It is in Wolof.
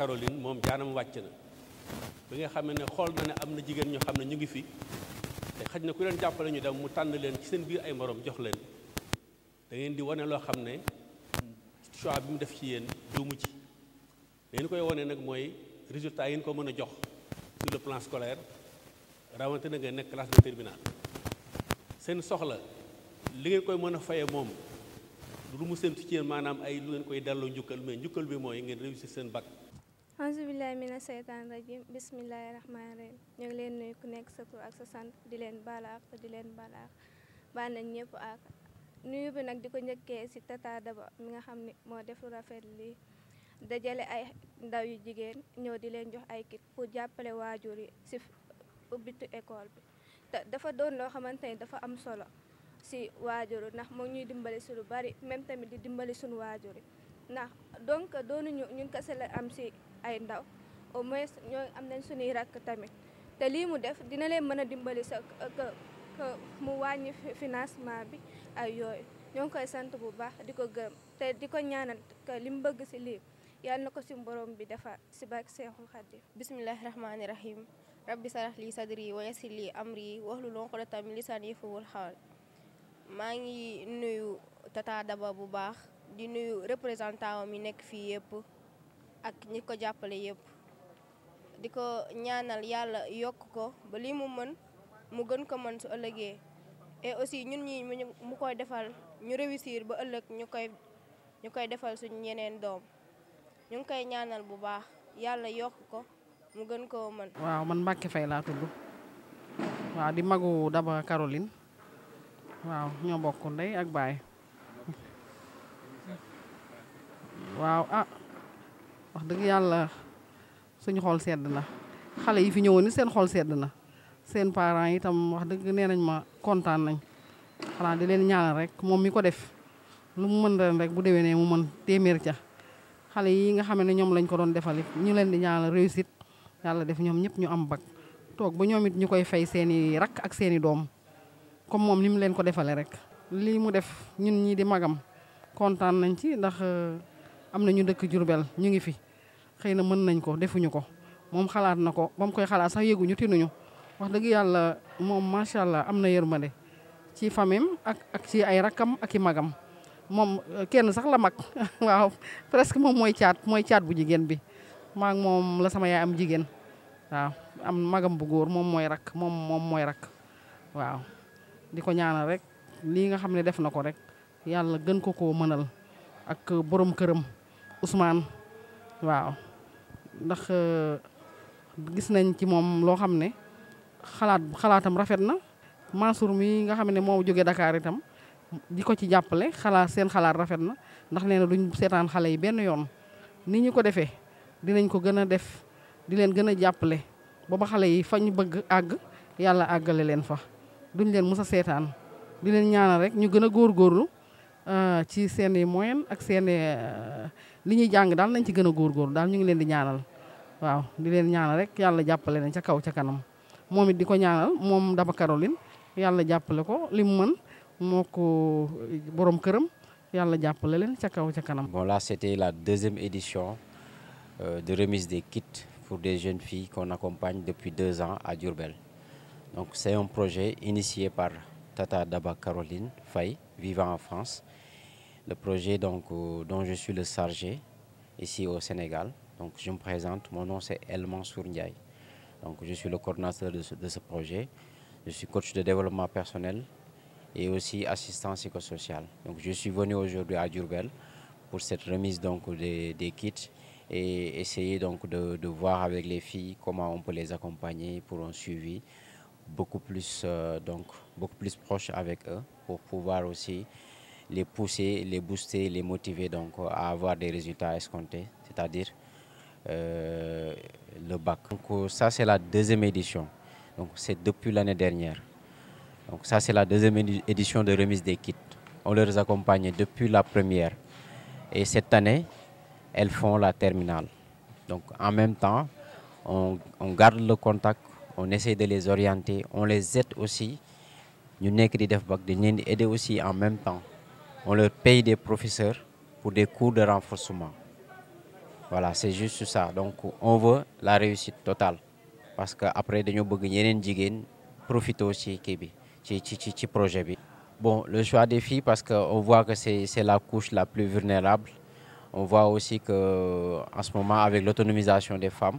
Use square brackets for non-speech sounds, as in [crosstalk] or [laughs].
Caroline moom jaanam wàcc na ba nga xam ne xool na ne am na jigéen ñoo xam ne ñu ngi fi te xaj na ku leen jàppale ñu dem mu tànn leen ci seen biir ay morom jox leen dangeen di wane loo xam ne choix bi mu def ci yéen juumu ci leen koy wone nag mooy résultat yi ngeen ko mën a jox sur le plan scolaire rawante na nga nekk classe de terminale seen soxla li ngeen koy mën a faye moom lu mu séntu ci yéen maanaam ay lu ngeen koy delloo njukkal mais njukkal bi mooy ngeen réussir seen bac ansubillahi mina seytaan rajim bismillahi rahmaani rahim ñu ngi leen nuyu ku nekk sa tur ak sa sant di leen baal ak di leen baal ak daba mi nga xam ne moo dajale ay ndaw yu jigéen ñëw di leen jox ay kit pour jàppale waajur yi si ubbitu école bi dafa don loh, xamante ni dafa am solo si waajur ndax moo ñuy dimbali si lu bari même tamit di dimbali suñu waajur yi ndax donc doonuñu ñun la am si ay ndaw au moins ñoy am nañ suñu rak tamit té li mu def dina lay mëna dimbali sa que mu wàññi financement bi ay yoy ñoo koy sant bu baax di ko té diko ñaanal que lim bëgg ci li yalla nako bi defa ci bak cheikhul bismillahir rahmanir rahim rabbi sarah li sadri wa yassir li amri waxlu lon ko tam lisaan yëfuwul xawal ma ngi nuyu tata daba bu baax di nuyu représentant mi nek fi yépp ak ñu ko jàppale yépp di ko ñaanal yàlla yokk ko ba li mu mën mu gën ko mën su ëllëgee et aussi ñun ñi mu koy defal ñu réussir ba ëllëg ñu koy ñu koy defal suñu ñeneen doom ñu ngi koy ñaanal bu baax yàlla yokk ko mu gën koo mën. waaw man Mbacke Faye laa tudd waaw di magu Daba Caroline waaw ñoo bokk ndey ak baay waaw ah. wax yàlla suñu xool sedd na xale yi fi ñëwoon ni seen xool sedd na seen parents itam wax dëgg nee nañ ma kontaan nañ xanaa di leen ñaanal rek moom mi ko def lu mu mën ren rek bu déwénee mu mën téeméer ca xale yi nga xam ne ñoom lañ ko doon defal ñu leen di ñaanal réussite yàlla def ñoom ñëpp ñu am bag toog ba ñoom it ñu koy fay seeni rakk ak seeni doom comme moom ni mu leen ko defalee rek. lii mu def ñun ñii di magam kontaan nañ ci ndax euh, am na ñu dëkk Jurbel ñu ngi fi. xeyna na mën nañ ko defuñu ko mom xalaat nako bam koy xalaat sax yeguñu tinuñu wax dëgg yàlla moom macha allah am na ci famim ak ak ci ay rakam ak magam mom euh, kenn sax la mag [laughs] waaw presque mom moy moy bu jigen bi mang mom la sama yaay am jigen waaw am magam bu góor mom moy rak mom mom moy rak waaw di ñaanal rek li nga xamne def nako rek yalla gën ko ko mënal ak borom këram Ousmane waaw ndax euh, gis nañ ci moom loo xam ne xalaat xalaatam rafet na Mansour mi nga xam ne moo jóge dakaar itam di ko ci jàppale xalaat seen xalaat rafet na ndax nee na duñ seetaan xale yi benn yoon ni ñu ko defee dinañ ko gën a def di leen gën a jàppale ba xale yi fa ñu bëgg àgg yàlla àggale leen fa duñ leen mës a seetaan di leen ñaanal rek ñu gën a góorlu Euh, ci seen moyenne ak seen euh, li ñuy jàng daal nañ ci gën a góorgóorlu daal ñu ngi leen di ñaanal waaw di leen ñaanal rek yàlla jàppale leen ca kaw ca kanam moom it di ko ñaanal moom Daba Caroline yàlla jàppale ko li mu mën moo ko euh, borom këram yàlla jàppale leen ca kaw ca kanam. bon là c'était la deuxième édition euh, de remise des kits pour des jeunes filles qu'on accompagne depuis deux ans à Diourbel donc c'est un projet initié par Tata Daba Caroline Faye, vivant en France. Le projet donc, euh, dont je suis le chargé ici au Sénégal. Donc, je me présente, mon nom c'est Elman Sourniaï. Donc, je suis le coordinateur de ce, projet. Je suis coach de développement personnel et aussi assistant psychosocial. Donc, je suis venu aujourd'hui à Durbel pour cette remise donc, des, kits et essayer donc de voir avec les filles comment on peut les accompagner pour un suivi beaucoup plus, euh, donc, beaucoup plus proche avec eux pour pouvoir aussi les pousser, les booster, les motiver donc, à avoir des résultats escomptés, c'est-à-dire euh, le bac. Donc, euh, ça, c'est la deuxième édition. Donc, c'est depuis l'année dernière. Donc, ça, c'est la deuxième édition de remise des kits. On les accompagne depuis la première. Et cette année, elles font la terminale. Donc, en même temps, on garde le contact, on essaie de les orienter, on les aide aussi. Nous sommes des aussi en même temps. On leur paye des professeurs pour des cours de renforcement. Voilà, c'est juste ça. Donc, on veut la réussite totale. Parce qu'après, nous voulons profiter aussi du projet. Bon, le choix des filles, parce qu'on voit que c'est la couche la plus vulnérable. On voit aussi qu'en ce moment, avec l'autonomisation des femmes,